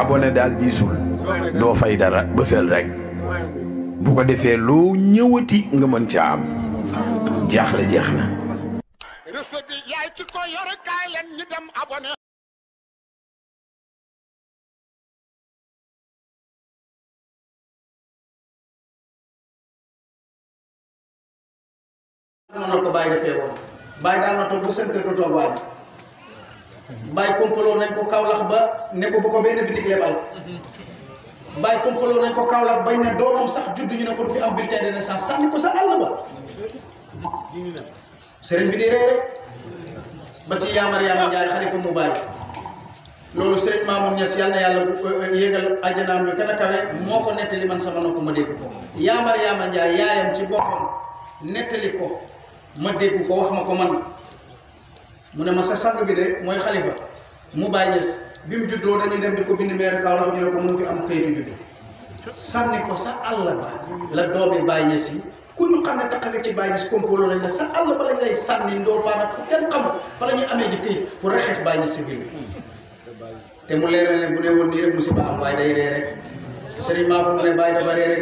abonné daal diisul doo fay dara bësal rek bu ko defee loo ñëwati nga mën caa am jaaxle jeex na recette bàyyi kompaloo nañ ko Kaolack ba ne ko bu ko benn bitig lebal bàyyi kompaloo nañ ko Kaolack bañ ne doomam sax judd ñu ne ko du fi am bulletin de naissance sànni ko sa àll ba sëriñ bi di reere ba ci yaamar yaamar Njaay xalifa mu bàyyi loolu sëriñ Mamoun Niass yàlla na yàlla euh, euh, yéegal àjjanaam yu gën moo ko nettali man sama nopp ma dégg ko yaamar yaamar Njaay yaayam ci boppam nettali ko ma dégg ko wax ma ko man mu ne ma sa sang bi de mooy xalifa mu bàyyi ñes bi mu juddoo dañuy dem di ko bind meeru sa àll la doomi bàyyi ñes yi ku ñu xam ne taxase ci bàyyi ñes ba lañ lay sànni ndoo faa nag mu leer ne bu ne ko ne bàyyi la maire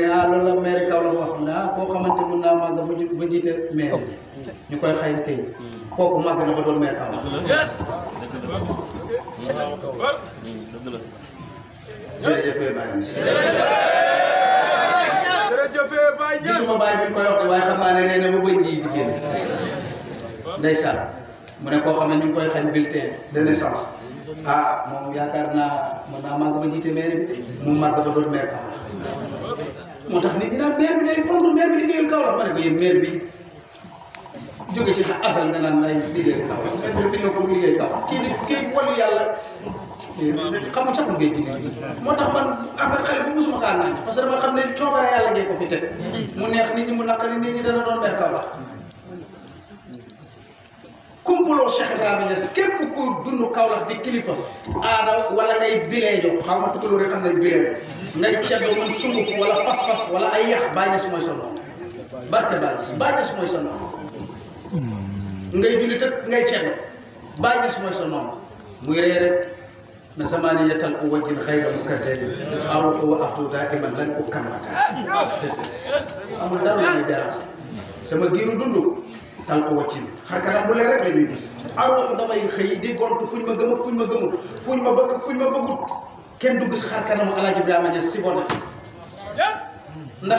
wax na koo xamante mun naa màgg ba jiite maire oh. ñu koy xayma këyit kooku màgg na ko doon meer kaw jërëjëf Baye Niass jërëjëf Baye Niass gisuma Baye bi ñu koy wax waaye xam naa ne nee na ba bëñ ji di génn ndeysaan mu ne koo xam ne ñu ngi koy xañ bulletin de naissance ah moom yaakaar naa mën naa màgg ba jiite maire bi de mu màgg ba doon maire kaw moo tax nit ñi naan maire bi day fondu maire bi liggéeyul kaw la ma ne ko yéen maire bi jóge ci asal nga naan nay liggéey taw même fi liggéey taw kii di kii walu yàlla xamul sax lu ngay gidi moo tax man affaire xale bi mosuma parce que dama xam ne coobare yàlla ngay ko fi teg mu neex ni ñi mu naqari nit ñi dana doon mer kaw la kumpuloo Cheikh Ibrahima Niass képp ku dund Kaolack di kilifa aada wala ngay bileejo xaw ma tukuloo rek xam nañ bileejo ngay ceddo man sunguf wala fas-fas wala ay yax bàññes mooy sa noonu barke bàññes bàññes mooy sa noonu ngay jullit ak ngay ceeb bàyyi gis mooy sa noonu muy reere na samaani yettal ko wajjin xayra mu kaddari aw ko wa abtu daiman lan ko kammata amul dara lu jaral sama giiru dund tal ko wajjin xar kanam bu leer rek la ñuy gis aw damay xëy di gontu fuñ ma gëm ak ma gëmul fuñ ma bëgg fuñ ma bëggut kenn du gis xar kanamu Alaaji Ibrahima Ñas si bon ndax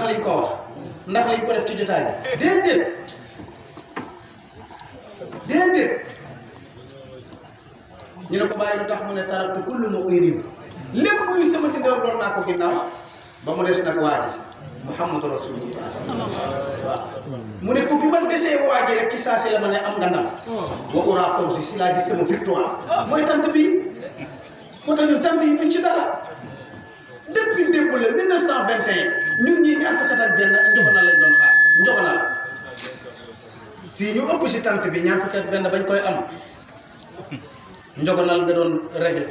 liñ ko wax ndax liñ ko def ci bi déedéet déedéet ñu ne ko bàyyi lu tax mu ne taraktu kullu ma uy rim lépp luy sama dindew doon naa ko ginnaaw ba mu des nag waaji muhammadu rasulullah mu ne ko bi ma desee waaji rek ci saa si la ma ne am nga ndam wa ura fawzi si laa gis sama victoire mooy tant bi moo tax ñun tant yi duñ ci dara depuis démb la 1921 ñun ñii ñaar fukki at a benn njoxonal lañ doon xaar njoxonal si ñu ëpp ci tante bi ñaar fukk ben bañ koy am njogonal nga doon régler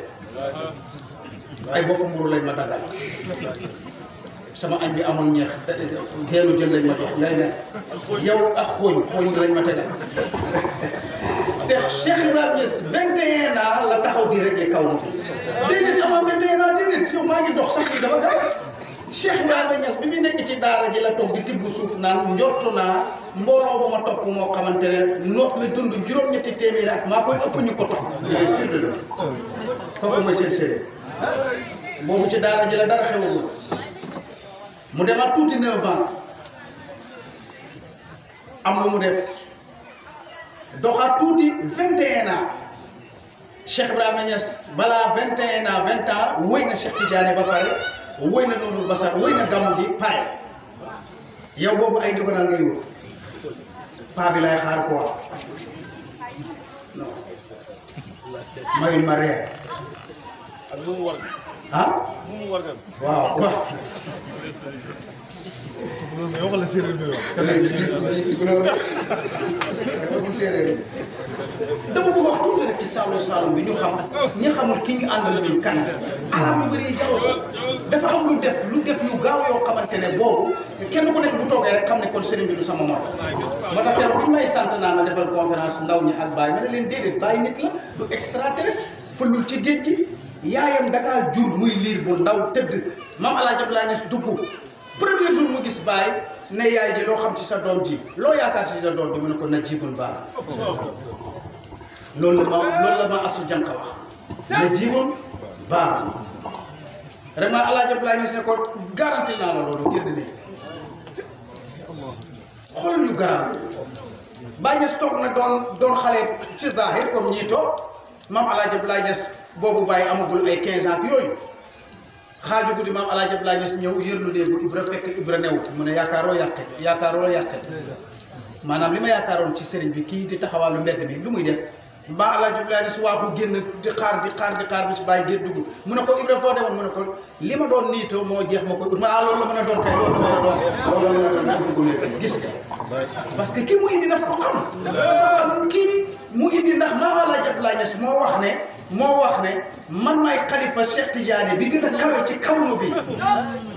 ay bopp mburu lañ ma dagal sama añ bi amul ñeex geenu jël lañ ma jox lay ne yow ak xooñ xooñ lañ ma Cheikh ibrahim di kaw 21 ans yow ngi dox Cheikh Ibrahima Niass bi mu nekk ci daara ji la toog di tibb suuf naan njortu naa mbooloo bu ma topp moo xamante ne noox mi dund juróom-ñetti téeméeri at maa koy ëpp ñu ko topp. il est daara ji la dara xewul mu demaat tuuti neuf ans am lu mu def doxaat tuuti vingt et un ans Cheikh balaa vingt et vingt ans wéy na Cheikh Tidiane ba pare. woy na loolu basar woy na gàmmu bi pare yow boobu ay doganal ngay wër paa bi lay xaar ko wax non mayul ah? waaw waaw loolu mais waxal séeréer bi wax. dama bëgg wax tuuti rek ci Saalum Saalum bi ñu xam ñu xamul ki ñu ànd la ñuy kan. arab yu bëri jarul dafa am lu def lu def yu gaaw yoo xamante ne boobu kenn ku nekk bu toogee rek xam ne kon sëriñ bi du sama mor. ma tax su may sant naa ma defal conférence ndaw ñi ak bàyyi ma ne leen déedéet bàyyi nit la du extraterrestre fëlul ci géej gi yaayam dakaa jur muy liir bu ndaw tëdd maam laa Hadj Abdoulaye Niass dugg premier jour. mosoo gis bàyyi ne yaay ji loo xam ci sa doom ji loo yaakaar ci sa doom ji mu ne ko na baax loolu la ma loolu la asu jànq wax na baax vraiment alaaji Abdoulaye Niass ne ko garanti naa la loolu jënd ne xool yu garaaw Baye Niass toog na doon doon xale ci zahir comme ñii toog maam alaaji Abdoulaye Niass boobu Baye amagul ay quinze ans yooyu xaaju guddi maam Alaaji Abdoulaye Niass ñëw yërlu léegi Ibra fekk Ibra new fi mu yaakaaroo yàqe yaakaaroo yàqe maanaam li ma yaakaaroon ci sëriñ bi kii di taxawaalu mbedd mi lu muy def mbaa Alaaji Abdoulaye Niass waaxu génn di xaar di xaar di xaar bis ne ko Ibra ma doon niitoo moo jeex ma ko ma ah, a doon kay loolu la a doon loolu la dugg gis parce mu indi daf ko xam kii mu moo wax ne moo wax ne man maay xalifa Cheikh Tidiane bi gën a kawe ci kawnu bi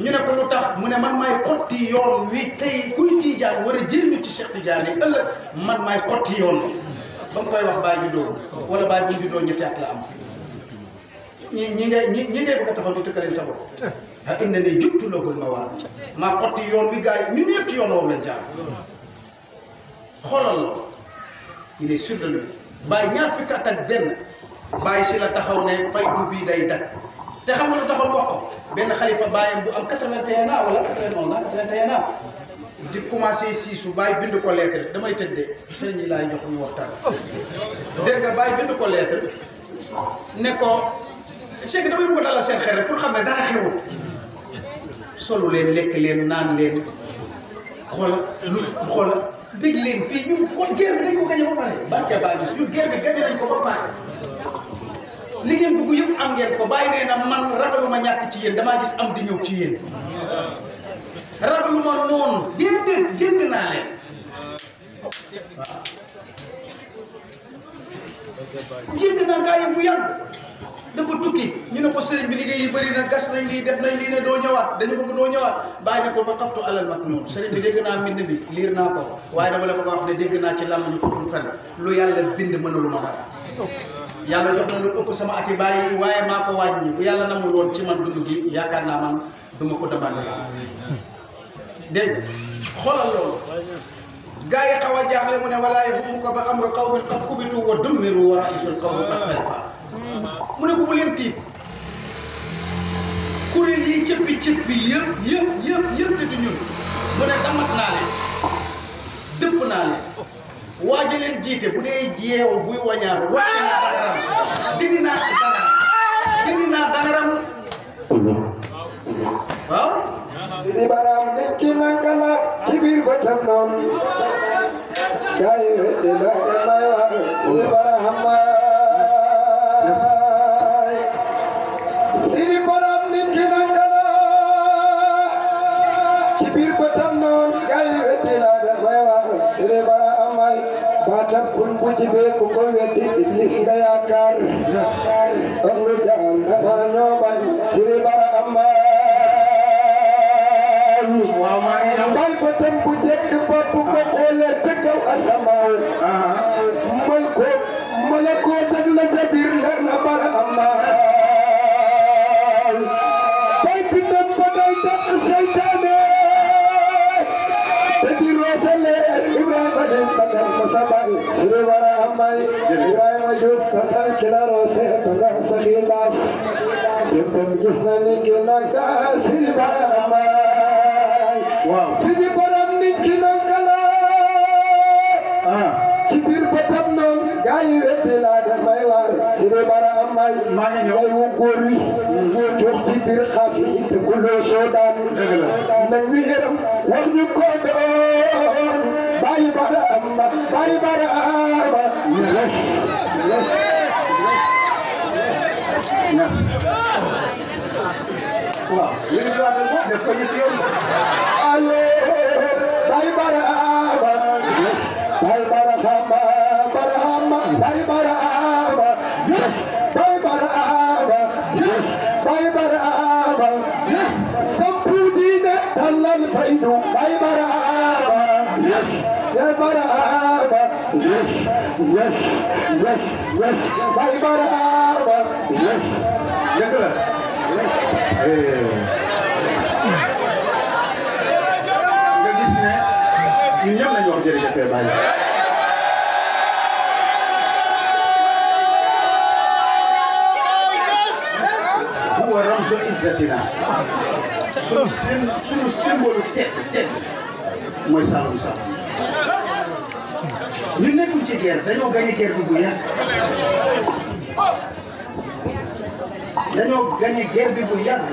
ñu ne ko lu tax mu ne man maay xotti yoon wi tey kuy Tidiane war a jëriñu ci Cheikh Tidiane ëllëg man maay xotti yoon bi ba mu koy wax baa juddoo wala baa bu juddoo ñetti at la am ñi ñi ngay ñi ñi ngay a taxaw di a maa xotti yoon wi gars yi ñun ñëpp ci yoon woowu la jaar xoolal la il est sûr de lui ñaar fukki at ak benn bàyyi si la taxaw ne faydu bii day dakk te xam nga lu taxaw wax ko benn xalifa bàyyam bu am 81 ans wala 91 ans 81 ans di commencé siisu bàyyi bind ko lettre damay tëj de sëriñ yi laay jox ñu waxtaan dégg nga bàyyi bind ko lettre ne ko Cheikh damay bëgg a dalal seen xel rek pour xam ne dara xewul solu leen lekk leen naan leen xool lu xool bég leen fii ñun kon guerre bi dañ ko a ba pare barke baa gis ñun guerre bi gañe nañ ko ba pare li ngeen bugg yëpp am ngeen ko bàyyi nee na man ragaluma ñàkk ci yéen damaa gis am di ñëw ci yéen ragaluma noonu déedéet jënd naa leen waaw jënd naa gaa bu yàgg dafa tukki ñu ne ko sëriñ bi liggéey yi bëri na gas nañ lii def nañ lii ne doo ñëwaat dañu bëgg doo ñëwaat bàyyi na ko fa xaftu alal mag noonu sëriñ bi dégg naa mbind bi liir naa ko waaye dama la bëgg a ne dégg naa ci làmb ñu ko fenn lu yàlla bind mënaluma dara yalla jox na lu ëpp sama ati bàyyi waaye maa ko wàññi bu yàlla namul woon ci man dund gi yaakaar naa man du ma ko demandé dégg xoolal loolu gaa yi xaw a jaaxle mu ne walaa yahumu ko ba amru qawmin qad kubitu wa dumiru wa ra'isul qawm qad khalfa mu ne ko bu leen tiit kuréel yi cëppi cëppi yëpp yëpp yëpp yëpp te du ñun mu ne damat naa leen dëpp naa leen waaja leen jiite bu dee buy wañaaru wàcc Sibaram ने किला कला शिविर बैठम नाम जय हे दिला मायार उलवर हमार श्री पराम ने किला कला शिविर बैठम नाम जय हे दिला मायार श्री बड़ा अमाई बाटम कुन बुझबे कुको वेति इब्लिस गया कर अंग्रेज अंधा भानो बन श्री बड़ा samawut mulkut kila ka wow ay weddela da may war sire bara amay ngay wu góor wi jox ci biir xaaf yi ku loo soo daan nañ ñu yërëm wax ñu ko doon bàyyi هو رمز عزتنا شنو السيمبول تاعك تاعك ما شاء الله Thiel dañoo gagné Thiel bu yàgg. dañoo gagné guerre bi bu yàgg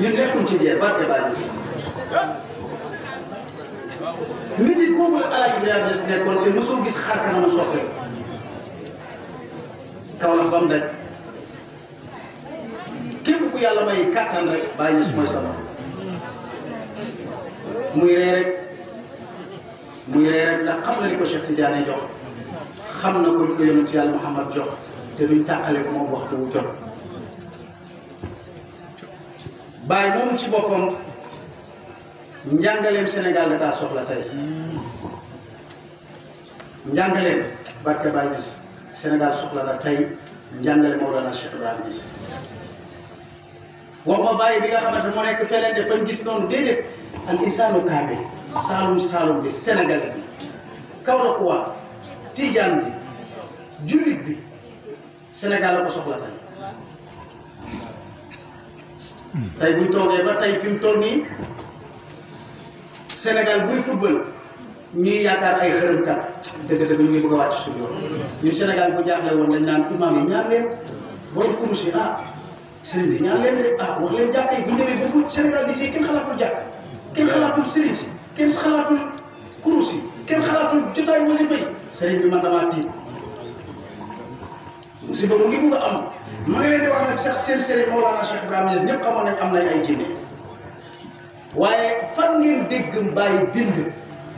ñu nekkul ci guerre barke baa ngi. nit yi la Alaaji Ibrahima Niass nekkoon te mosoo gis xar kanam soppe kaw bam daj képp ku yàlla may kàttan rek bàyyi si mooy sama muy rey rek muy rey rek ndax xam na li ko Cheikh Tidiane jox. xam na ko ñu ko yonent yàlla Muhammad jox te duñ tàqale ko moom waxtu wu jot bàyyi moom ci boppam njàngaleem Sénégal da kaa soxla tey njàngaleem barke la tey njàngale Mawlana Cheikh Ibrahima Niass ma bàyyi bi nga xamante ne nekk feneen def gis noonu déedéet al insaanu kaamil saalum saalum bi Sénégal bi kaw la kuwaa Tijaan bi jullit bi Sénégal la ko soxla tey tey buñ toogee ba tey fi mu toll nii Sénégal buy football ñuy yaakaar ay xërëmkat dëgg-dëgg ñu ngi bëgg a wàcc suñu yoon ñu Sénégal bu jaaxle woon dañ naan imaam yi ñaan leen borom kurus yi ah sëriñ bi ñaan leen de ah wax leen jàkka yi bu ñu demee ba bu Sénégal gisee kenn xalaatul jàkk kenn xalaatul sëriñ si kurus yi kenn xalaatul jotaayu wasifa yi sëriñ bi man damaa tiit musiba mu ngi bugg a am ma ngi leen di wax nag sax seen sëriñ Mawlana Cheikh Ibrahima Niass ñëpp xamoon nañ am nañ ay jinne waaye fan ngeen dégg bàyyi bind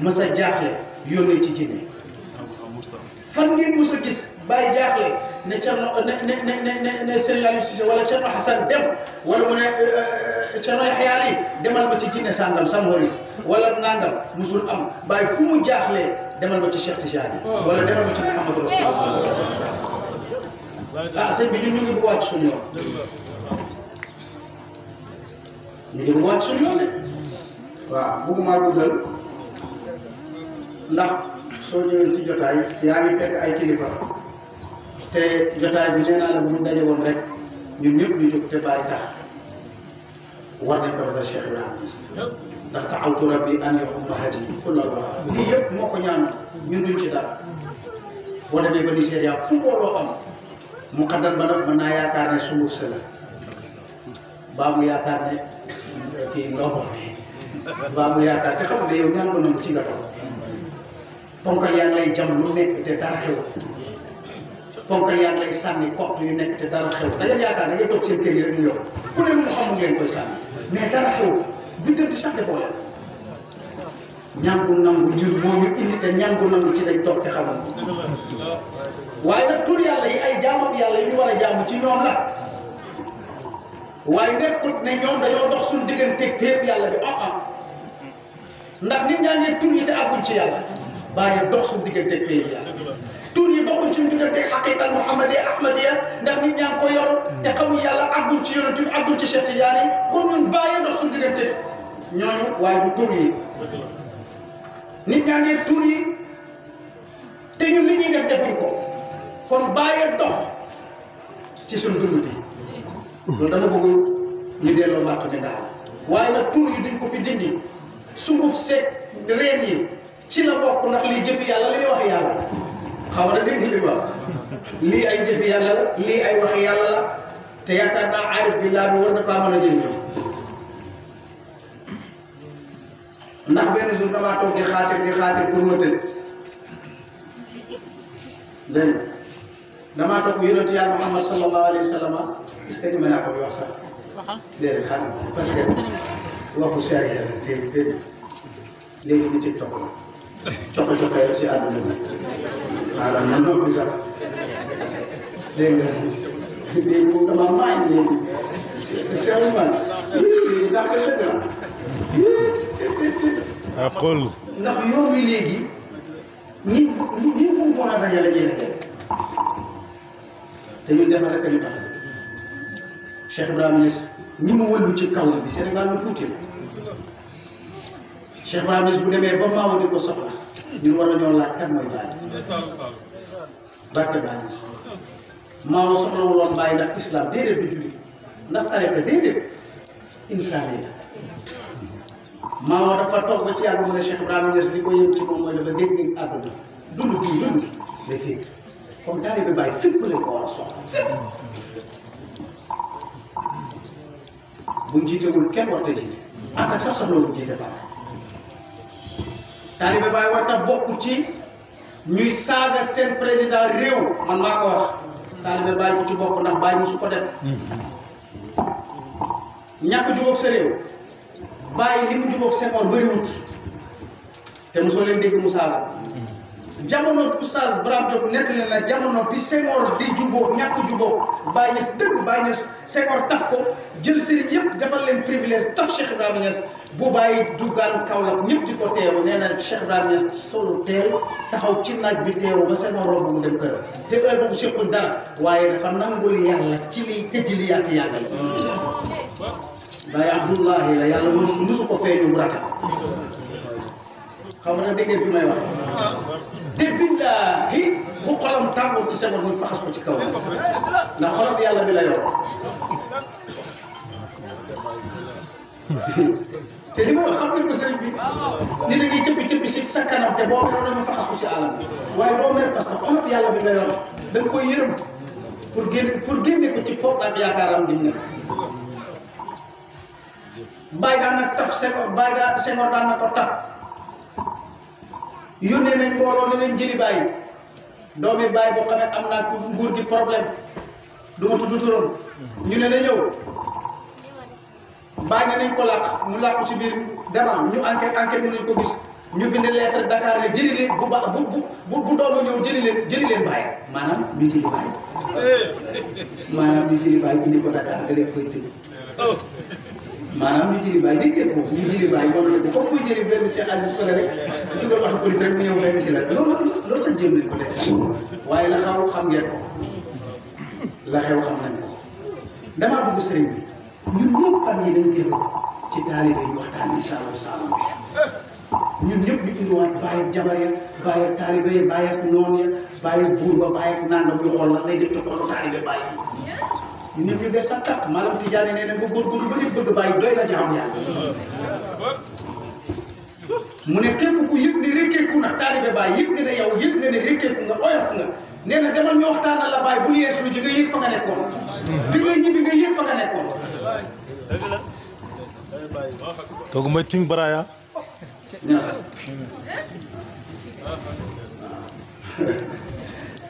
mës a jaaxle yónnee ci jinne fan ngeen mës a gis bàyyi jaaxle ne Thierno ne ne ne ne ne Serigne Aliou Cissé wala Thierno Hassan dem wala mu ne euh, euh, Thierno Yahya Ali demal ba ci jinne sàngam sam horis wala nangam musul am bàyyi fu mu jaaxlee demal ba ci Cheikh Tidiane wala demal ba ci Mouhamadou Rasulullah ndax sëñ bi ñu ñu ngi bëgg wàcc suñu yoon de waaw bëgguma guddal ndax soo ñëwee jotaay yaa ngi fekk ay kilifa te jotaay bi nee naa la bu ñu daje woon rek ñun ñëpp ñu jóg te bàyyi tax war nañ ko defal Cheikh Ibrahima ndax da'awtu rabbi an yaquma hadi kulla wara lii yëpp moo ko ñaan ñun duñ ci dara boo demee ba Nigéria fu mbooloo am muqaddam ba nag naa yaakaar ne sunguf si la baa mu yaakaar ne kii ndox baa mu yaakaar te xam ne yow ñaan nangu ci nga toog ponkal yaa ngi lay jam lu yi mu xamul ngeen koy sànni ko nangu njur moo ñu indi te ñaan ko nangu ci lañ toog te xamal waaye nag tur yàlla yi ay jaamam yàlla yi ñu war a jaamu ci ñoom la waaye nekkut ne ñoom dañoo dox suñu digganteeg pépp yàlla bi ah ah ndax nit ñaan ngi tur yi ci yàlla bàyyi dox suñu digganteeg pépp yàlla tur yi doxuñ suñu digganteeg xaqiqal muhammadiya ahmadiya ndax nit ñaa ngi ko yor te xamul yàlla àgguñ ci yonent bi àgguñ ci Cheikh Tidiane kon ñun bàyyi dox suñu digganteeg ñooñu waaye du tur yi nit ñaa ngi tur yi te ñun li ñuy def defuñ ko. kon bàyyi dox ci suñ dund bi loolu dama bëggul ñu delloo màtt mi daal waaye nag tur yi duñ ko fi dindi sunguf seeg reen yi ci la bokk ndax lii jëfi yàlla la xam na dégg li wax lii ay wax yàlla la te yaakaar naa aarif bi laa bi war na kaa mën a jëriñoo ndax benn jour damaa toog di xaatir di xaatir pour ma damaa toog yonent yàlla Muhammad sallallahu alayhi wa sallam est-ce que mën naa ko wax sax déedéet xam parce que waxu seer yàlla ci déedéet léegi ñu TikTok la coxo coxo yi ci àdduna bi maanaam na noppi sax dégg nga léegi moom dama maañ léegi sérieusement léegi tàkk dëgg la. ndax yoon wi léegi ñi ñi ko mën a dajale ñu dajale te ñun defar rek ñu tax a Cheikh ñi mu wëlbu ci kaw bi Sénégal mu tuuti Cheikh Ibrahima bu demee ba maamu di ko soxla ñun war nañoo laaj kan mooy Baye. barke Baye Niass maamu soxla wuloon Baye ndax islam déedéet du julli ndax arrêté déedéet insaan yi dafa toog ba ci yàlla mu ne li ko yëm ci moom dafa dégg-dégg àdduna dund bii dund day kon taalibe Baay fépp lañ ko war a soxla fépp buñ jiitewul kenn warta jiite ànd ak sax war ta bokk ci ñuy saaga seen président réew man maa ko wax taalibe Baay bu ci bokk ndax Baay mosu ko def ñàkk jubóog sa réew Baay li mu jubóog Senghor bëriwut te mosoo leen dégg mu saaga jamono Oustaz Braham Diop nettali na bi Senghor di jubóo ñàkk jubóo Baye Niass dëgg Baye Niass Senghor taf ko jël sëriñ yëpp defal leen privilège taf Cheikh Ibrahima Niass bu bàyyi duggaan Kaolack ñëpp di ko teeru nee teeru taxaw ci naaj bi teeru ba Senghor romb mu dem këram te heure boobu sequl dara waaye dafa nangul yàlla ci liy tëjliyaati yàlla yi. Baye Abdoulahi yàlla mosu mosu ko feeñu mu xam nga dégg ngeen fi may wax. te billaahi bu xolam tàngoor ci Senghor ñu faxas ko ci kaw ndax xolam yàlla bi la yor te li ma wax xam nga sëriñ bi nit a ngi cëppi cëppi sa kanam te boo meroon dama faxas ko ci alam waaye boo mer parce que xolam yàlla bi la yor da nga koy yërëm pour génne pour génne ko ci foog ak yaakaaram gi mu nekk bàyyi daan na taf Senghor na ko taf yónnee nañ mbooloo ne nañ jëli bàyyi doomi bàyyi boo xam ne am naa ko nguur gi problème du ma tudd turam ñu ne na ñëw bàyyi ne nañ ko làq mu làqu ci biir demal ñu enquête enquête mu nañ ko gis ñu bind lettre Dakar ne jëli leen bu baax bu bu bu doomu ñëw jëli leen jëli leen bàyyi maanaam ñu jëli bàyyi eh. maanaam ñu jëli bàyyi indi ko Dakar nga def koy tëdd maanaam ñu jëli baay dégg ngeen foofu ñu jëli baay moom la ko foofu jëli benn Cheikh Aziz Fale rek mu ñëw benn si la loolu loolu sax jël nañ ko dee waaye la xaw xam ngeen ko la xew xam nañ ko bi ñun ñëpp fan yi dañ jël ci taalibe ñu waxtaan incha allah saalum bi ñun ñëpp ñu indiwaat bàyyi jabar ya bàyyi taalibe ya bàyyi noon ya bàyyi buur ba bàyyi nangam ñu xool lan lay def te xoolu ñu ne ñu des attaque maanaam Tidiane nee na nga góorgóorlu ba nit bëgg bàyyi doy la jaam yàlla mu ne képp ku yëg ne rékkeeku na taalibe bàyyi yëg nga ne yow yëg nga ne rékkeeku nga oyof nga nee na demal ñu waxtaanal la bàyyi bu yees lu ji nga fa nga nekkoon nga yëg King Baraya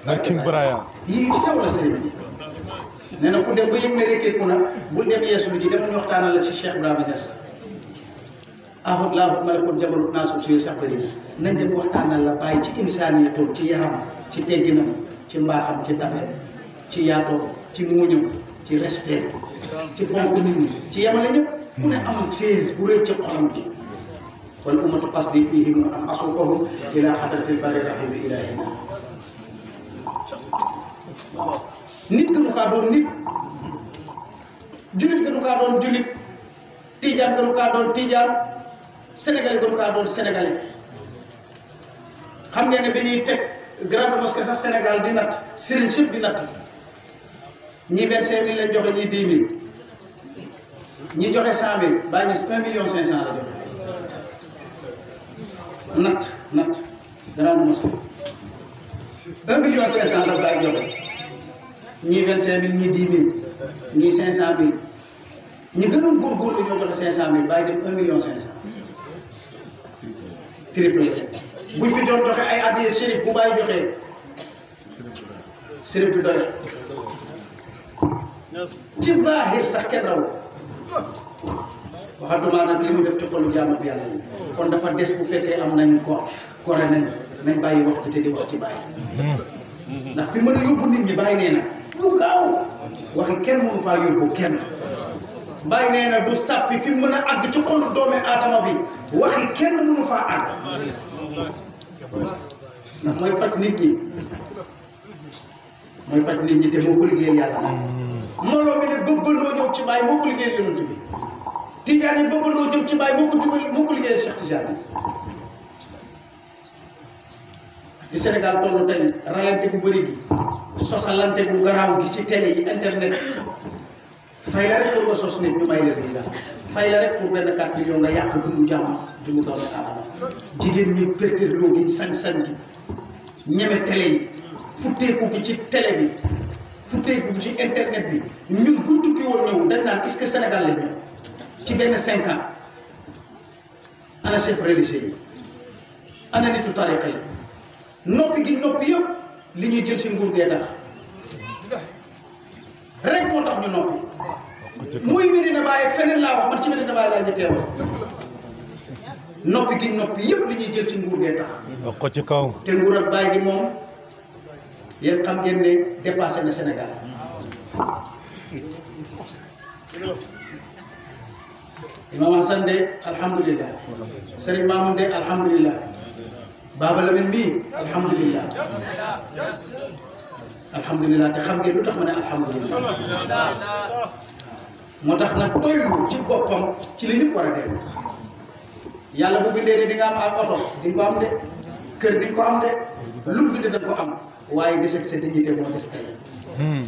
mooy King Baraya yii sew la sëriñ bi nee na ku dem ba yëg ne retiré na bul dem yeesulu ji demal ñu la ci Cheikh Ibrahima Niass ahut laahut malakut jabalut ci yooyu sax bëri nañ dem waxtaanal la bàyyi ci insaaniyatam ci yaram ci tegginam ci mbaaxam ci tabe ci yaatoom ci muuñam ci respect ci fonk nit ñi ci yamale ñëpp ku ne am seize bu rëy ci xolam bi wal ummatu qasdi fihim am asuqahum ila xadratil bari rahim ilahina nit gënu kaa doon nit julit gënu kaa doon julit tijaan gënu kaa doon tijaan sénégalais gënu kaa doon sénégalais xam nga ne bi ñuy teg grande mosquée sax Sénégal di natt sëriñ sëpp di natt ñii vingt cinq mille lañ joxe ñii dix mille ñii joxe cent mille bàyyi ñes un million cinq cent la natt natt grande mosquée un million cinq cent la bàyyi joxe ñii vingt cinq mille ñii dix mille ñii cinq cent mille ñi gënoon góorgóorlu ñoo joxe cinq cent mille bàyyi dem un million cinq cent triple buñ fi doon joxe ay addiya shérif bu bàyyi joxee shérif bi doy ci zahir sax kenn raw waxatuma nag li mu def ci xolu jaam ak yàlla yi kon dafa des bu fekkee am nañ ko gore nañ nañ bàyyi wax ci te ci bàyyi hmm. ndax fi mën a yóbbu nit ñi bàyyi nee na lu gaaw waxi kenn mënu faa yóbbu kenn mbay nee na du sàppi fi mën a àgg ci xolu doomi aadama bi waxi kenn mënu faa àgg ndax mooy faj nit ñi mooy faj nit ñi te moo ko liggéey yàlla mbooloo bi ne bëbbandoo ñëw ci bàyyi moo ko liggéey yonent bi Tijaan yi bëbbandoo jëm ci bàyyi moo ko jubal moo ko liggéey fi Sénégal toll tey rayante bu bëri bi sosalante bu garaaw gi ci télé yi internet fay la rek pour sos nit ñu may la visa fay la rek pour benn 4 millions nga yàq dundu jàmm dundu doomu aadama jigéen ñi perterloo gi sañ-sañ gi ñeme télé yi futteeku gi ci télé bi futteeku gi ci internet bi ñun bu tukki woon ñëw dañ naan est-ce que Sénégal la ci benn 5 ans ana chef religieux yi ana nitu tariqa yi noppi gi noppi yëpp li ñuy jël si nguur gee tax rek moo tax ñu noppi muy Medina Baye feneen laa wax man ci Medina Baye laa njëkkee wax noppi gi noppi yëpp li ñuy jël ci nguur gee tax ci kaw te nguur ak Baye gi moom yéen xam ngeen ne dépassé na Sénégal Imam Hassan de alhamdulilah Serigne Mamoun de alhamdulilah Baaba Lamin bii alhamdulilah alhamdulilah te xam ngeen lu tax ma ne alhamdulilah moo tax nag toylu ci boppam ci li ñëpp war a dee yàlla bu bindee ne di nga am ak oto di nga am de kër di nga ko am de lu mu bind da ko am waaye deseg sa dignité moo des tey hmm.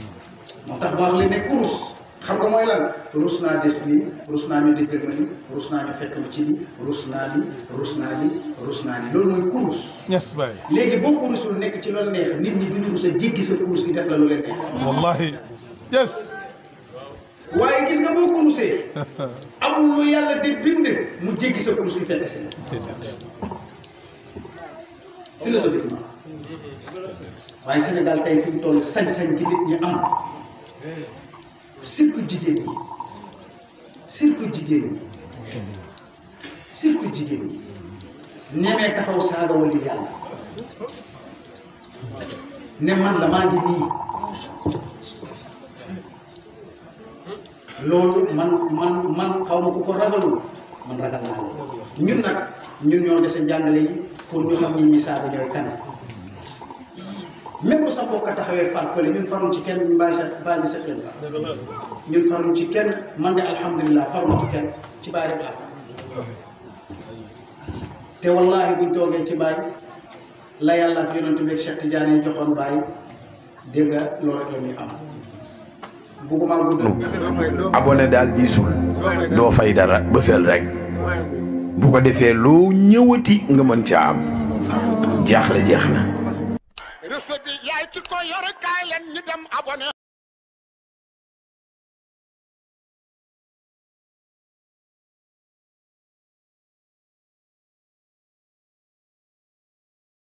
moo tax baax li ne kurus xam nga mooy lan rus naa def lii naa ñu déggal ma lii rus naa ñu fekk ma ci lii rus naa lii rus naa lii loolu mooy kurus. yes waay léegi boo kurusul nekk ci loolu neex nit ñi duñu rus a jéggi sa kurus gi def la lu leen waaye gis nga boo kurusee amul yàlla di bind mu jéggi sa kurus gi fekk si philosophiquement waaye Sénégal tey fi toll sañ-sañ gi nit ñi am. surtout jigéen ñi surtout jigéen ñi surtout jigéen ñi ñemee taxaw saaga wali yàlla ne man la maa ngi nii loolu man man man xaw ma ku ko ragalul man ragal naa la ñun nag ñun ñoo dese njàngale yi pour ñu xam ñi ñi saaga ñooy kan même bu sa mbokk taxawee far fële ñun faruñ ci kenn ñu bàyyi sa bàyyi sa kenn far ñun faruñ ci kenn man de alhamdulilah faruñ ci kenn ci bàyyi rek laa te wallahi buñ toogee ci bàyyi la yàlla ak yonent beeg Cheikh Tidiane yi joxoon de dégg nga loolu rek la ñuy am bugguma gudd abonné daal diisul doo fay dara bësal rek bu ko defee loo ñëwati nga mën ca am jaaxle jeex I yaay ci ko and kaay them up on abonné